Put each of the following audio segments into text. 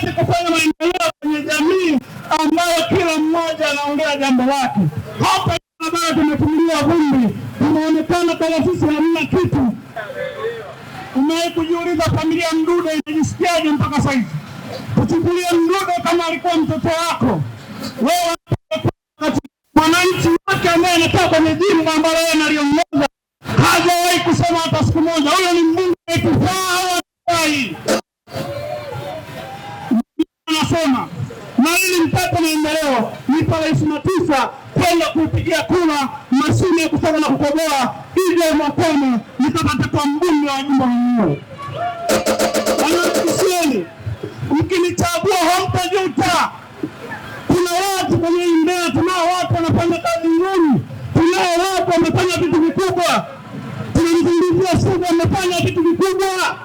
tuweze kufanya maendeleo kwenye jamii ambayo kila mmoja anaongea jambo lake. Hapa barabara tumefungiwa vumbi, tunaonekana kama sisi hamna kitu. Umewahi kujiuliza familia Mdude inajisikiaje mpaka sahizi? Kuchukulia Mdude kama alikuwa mtoto wako wewe, mwananchi wake ambaye anakaa kwenye jimbo ambalo yeye analiongoza Dodoma, na ili mpate maendeleo ni tarehe ishirini na tisa kwenda kupigia kura mashine ya kusaga na kukogoa, hivyo mwakani nitapata kwa mbunge wa jimbo lenyewe. Wanakisieni, mkinichagua hamtajuta. Kuna watu kwenye Mbeya, tunao watu wanafanya kazi nguni tunao watu wamefanya vitu vikubwa, tunamzungumzia Sugu amefanya vitu vikubwa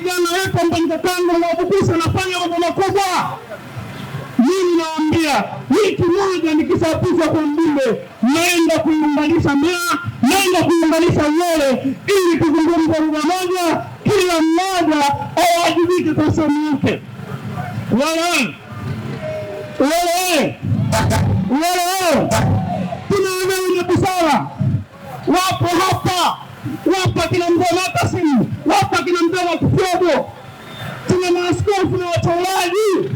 vijana wetu wa mtanzakando mnaobukusi nafanya mambo makubwa. Mimi naambia wiki moja nikisapishwa kwa mbunge, naenda kuiunganisha Mbeya, naenda kuiunganisha Uyole ili tuzungumze lugha moja, kila mmoja awajibike kwa sehemu yake. Uyole Uyole Uyole, tunaelewana busara, wapo hapa wapo akina Mdomo Kasim, wapo akina Mdomo Kutobo, tuna maaskofu na wataulaji.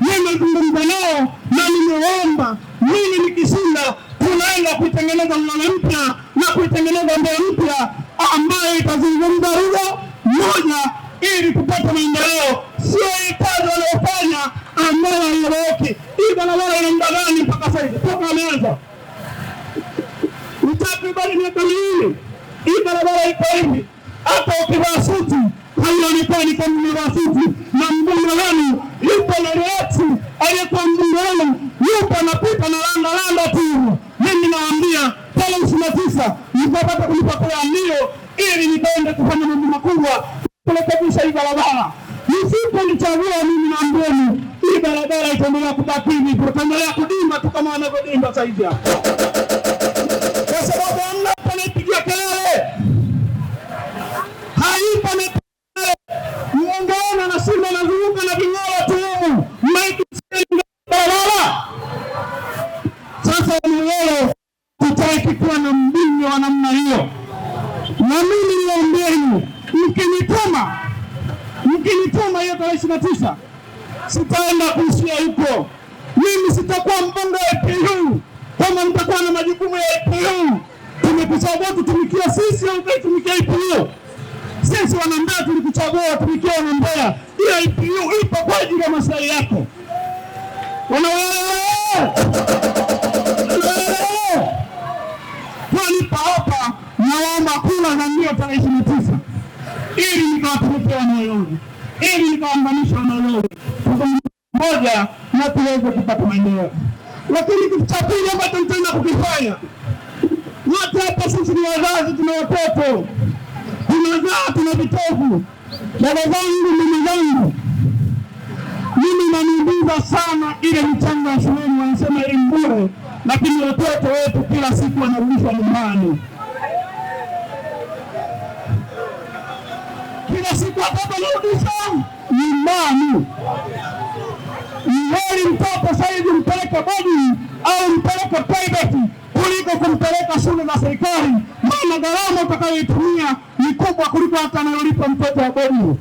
Nimezungumza nao na nimeomba mimi nikishinda, tunaenda kuitengeneza Mlolongo mpya na kuitengeneza Mbeya mpya ambayo itazungumza lugha moja ili kupata maendeleo, sio ile kazi wanayofanya ambayo haieleweki. Hii barabara ina muda gani mpaka sasa? Toka ameanza ni takribani miaka miwili. Hii barabara iko hivi hapa, ukivaa suti haionekani kama umevaa suti, na mbunge wenu yupo Leleati, aliyekuwa mbunge wenu yupo anapita na landa landa tu. Mimi nawaambia tarehe ishirini na tisa mtapata kunipa kura ndio, ili nikaende kufanya mambo makubwa kurekebisha hii barabara. Msiponichagua mimi naambieni, hii barabara itaendelea kubaki hivi, tutaendelea kudimba tu kama wanavyodimba sasa hivi hapa. na mimi niwaambieni, mkinituma mkinituma hiyo tarehe ishirini na tisa sitaenda kuishia huko. Mimi sitakuwa mbunge wa APU kama nitakuwa na majukumu ya APU. Tumekuchagua tutumikia sisi au tutumikie APU? Sisi wanambea tulikuchagua watumikia wanambea, hiyo APU ipo kwa ajili ya maslahi yako. Wanawaelewa? naomba kura za ndio tarehe ishirini na tisa ili nikawatumikia wanaoyona, ili nikawaunganisha wanaoyona moja na tuweze kupata maendeleo. Lakini kitu cha pili ambacho nitaenda kukifanya, watu hapa sisi ni wazazi, tuna watoto tunazaa, tuna vitovu. Dada zangu, mama zangu, mimi naniubiza sana ile michango ya shuleni, wanasema elimu bure, lakini watoto wetu kila siku wanarudishwa nyumbani. kila siku watoto narudisha nyumbani. Iweli mtoto sahizi mpeleke boarding au mpeleke private kuliko kumpeleka shule za serikali, maana gharama utakayoitumia ni kubwa kuliko hata anayolipa mtoto wa boarding.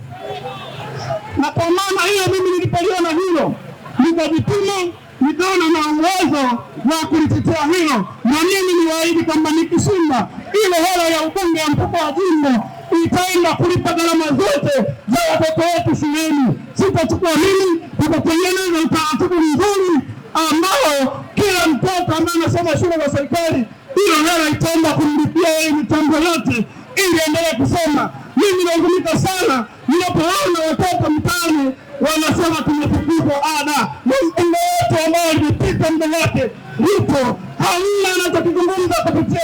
Na kwa maana hiyo, mimi nilipoliona hilo nikajipima nikaona na uwezo wa kulitetea hilo, na mimi niwaahidi kwamba nikishinda ile hela ya ubunge ya mfuko wa jimbo itaenda kulipa gharama zote za watoto wetu shuleni. Sitachukua mimi, tutatengeneza utaratibu mzuri ambao kila mtoto ambaye anasoma shule za serikali, ilo hela itaenda kumlipia yeye mitambo yote ili endelee kusoma. Mimi nahuzunika sana ninapoona watoto mtaani wanasema tumefukuzwa ada. Msingi wote ambao ulipita mbele yake upo hauna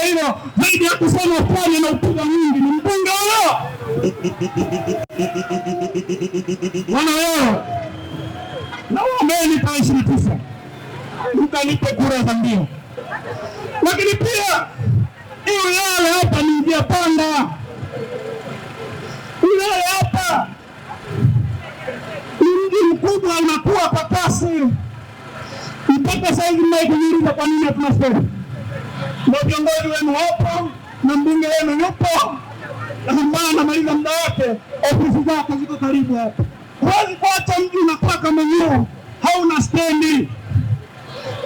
hilo zaidi ya kusema pwani na upiga mwingi ni mbunge huyo. Bwana leo nawaombeni tarehe ishirini na tisa mkanipe kura za ndio, lakini pia hii hapa ni njia panda. Wilaya hapa ni mji mkubwa, unakuwa kwa kasi mpaka saizi mnaikujuliza kwa nini hatuna stendi na viongozi wenu wapo na mbunge wenu yupo, ambaye anamaliza muda wake. Ofisi zako ziko karibu hapo, huwezi kuacha mji unakaa kama mwenyewe, hauna stendi.